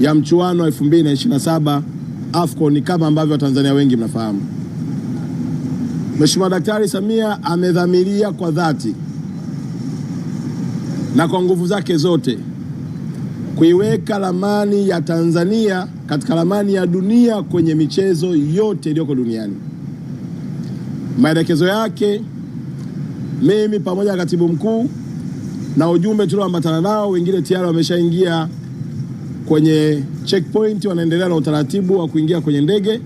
ya mchuano wa 2027 AFCON kama ambavyo Watanzania wengi mnafahamu. Mheshimiwa Daktari Samia amedhamiria kwa dhati na kwa nguvu zake zote kuiweka ramani ya Tanzania katika ramani ya dunia kwenye michezo yote iliyoko duniani. Maelekezo yake mimi pamoja na katibu mkuu na ujumbe tulioambatana nao, wengine tayari wameshaingia kwenye checkpoint, wanaendelea na utaratibu wa kuingia kwenye ndege,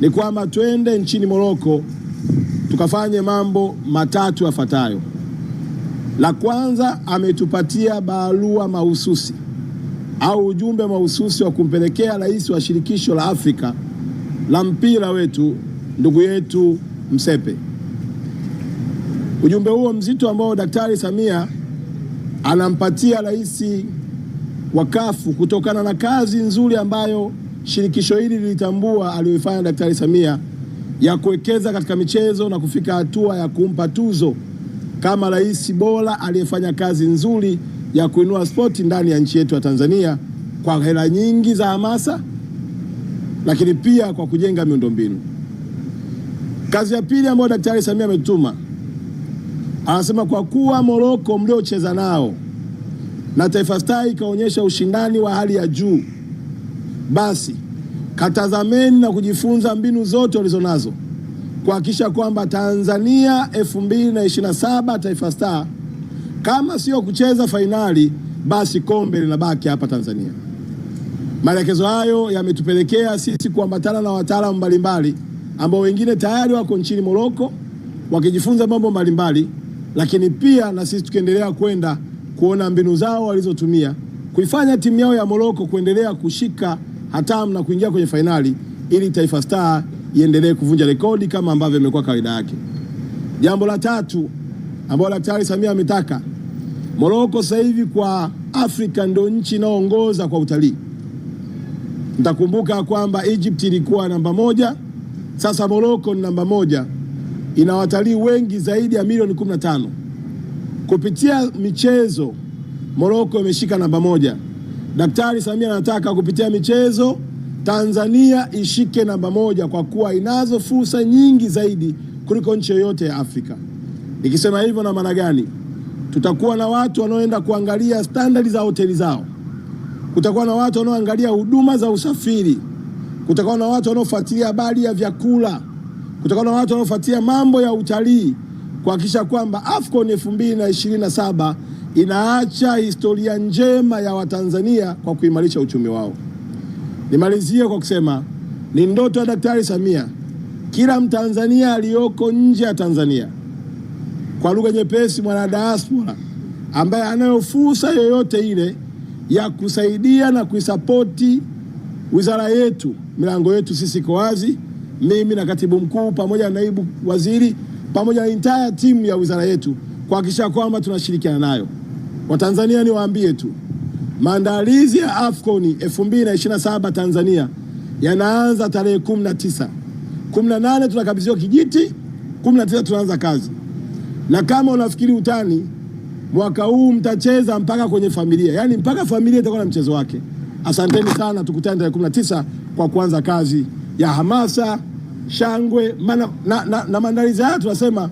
ni kwamba twende nchini Moroko tukafanye mambo matatu yafuatayo. La kwanza, ametupatia barua mahususi au ujumbe mahususi wa kumpelekea rais wa shirikisho la Afrika la mpira wetu ndugu yetu Msepe. Ujumbe huo mzito ambao Daktari Samia anampatia rais wakafu kutokana na kazi nzuri ambayo shirikisho hili lilitambua aliyoifanya Daktari Samia ya kuwekeza katika michezo na kufika hatua ya kumpa tuzo kama rais bora aliyefanya kazi nzuri ya kuinua spoti ndani ya nchi yetu ya Tanzania kwa hela nyingi za hamasa, lakini pia kwa kujenga miundombinu. Kazi ya pili ambayo Daktari Samia ametuma Anasema kwa kuwa Moroko mliocheza nao na Taifa Stars ikaonyesha ushindani wa hali ya juu, basi katazameni na kujifunza mbinu zote walizonazo kuhakikisha kwamba Tanzania 2027 Taifa Stars kama sio kucheza fainali, basi kombe linabaki hapa Tanzania. Maelekezo hayo yametupelekea sisi kuambatana na wataalamu mbalimbali ambao wengine tayari wako nchini Moroko wakijifunza mambo mbalimbali lakini pia na sisi tukiendelea kwenda kuona mbinu zao walizotumia kuifanya timu yao ya Moroko kuendelea kushika hatamu na kuingia kwenye fainali ili Taifa Star iendelee kuvunja rekodi kama ambavyo imekuwa kawaida yake. Jambo la tatu ambalo Daktari Samia ametaka, Moroko sasa hivi kwa Afrika ndio nchi inayoongoza kwa utalii. Mtakumbuka kwamba Egypt ilikuwa namba moja, sasa Moroko ni namba moja ina watalii wengi zaidi ya milioni 15. Kupitia michezo Moroko imeshika namba moja. Daktari Samia anataka kupitia michezo Tanzania ishike namba moja kwa kuwa inazo fursa nyingi zaidi kuliko nchi yoyote ya Afrika. Nikisema hivyo na maana gani? Tutakuwa na watu wanaoenda kuangalia standardi za hoteli zao, kutakuwa na watu wanaoangalia huduma za usafiri, kutakuwa na watu wanaofuatilia habari ya vyakula kutokana na watu wanaofuatia mambo ya utalii kuhakikisha kwamba AFCON 2027 inaacha historia njema ya Watanzania kwa kuimarisha uchumi wao. Nimalizie kwa kusema ni ndoto ya Daktari Samia kila Mtanzania aliyoko nje ya Tanzania, kwa lugha nyepesi, mwana diaspora ambaye anayo fursa yoyote ile ya kusaidia na kuisapoti wizara yetu, milango yetu sisi iko wazi mimi na katibu mkuu pamoja na naibu waziri pamoja na entire timu ya wizara yetu kuhakikisha kwamba tunashirikiana nayo. Watanzania niwaambie tu, maandalizi ya AFCON 2027 Tanzania yanaanza tarehe 19. 18 tunakabidhiwa kijiti, 19 tunaanza kazi. Na kama unafikiri utani, mwaka huu mtacheza mpaka kwenye familia, yaani mpaka familia itakuwa na mchezo wake. Asanteni sana, tukutane tarehe 19 kwa kuanza kazi ya hamasa shangwe mana, na, na, na maandalizi haya tunasema.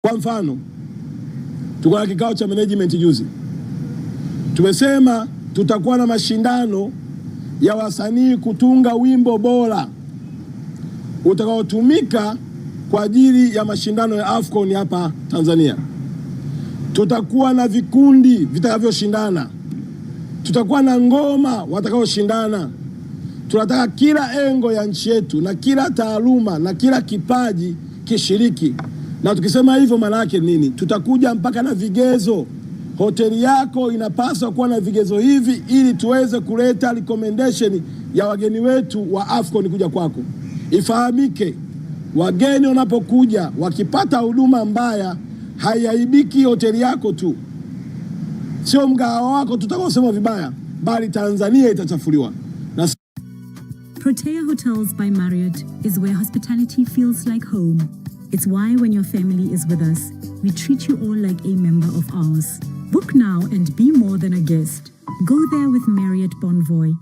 Kwa mfano tuko na kikao cha management juzi, tumesema tutakuwa na mashindano ya wasanii kutunga wimbo bora utakaotumika kwa ajili ya mashindano ya Afcon hapa Tanzania. Tutakuwa na vikundi vitakavyoshindana, tutakuwa na ngoma watakaoshindana. Tunataka kila engo ya nchi yetu na kila taaluma na kila kipaji kishiriki. Na tukisema hivyo maana yake nini? Tutakuja mpaka na vigezo. Hoteli yako inapaswa kuwa na vigezo hivi ili tuweze kuleta recommendation ya wageni wetu wa Afcon kuja kwako. Ifahamike, wageni wanapokuja wakipata huduma mbaya, haiaibiki hoteli yako tu, sio mgahawa wako tutakaosema vibaya, bali Tanzania itachafuliwa. Protea Hotels by Marriott is where hospitality feels like home. It's why when your family is with us, we treat you all like a member of ours. Book now and be more than a guest. Go there with Marriott Bonvoy.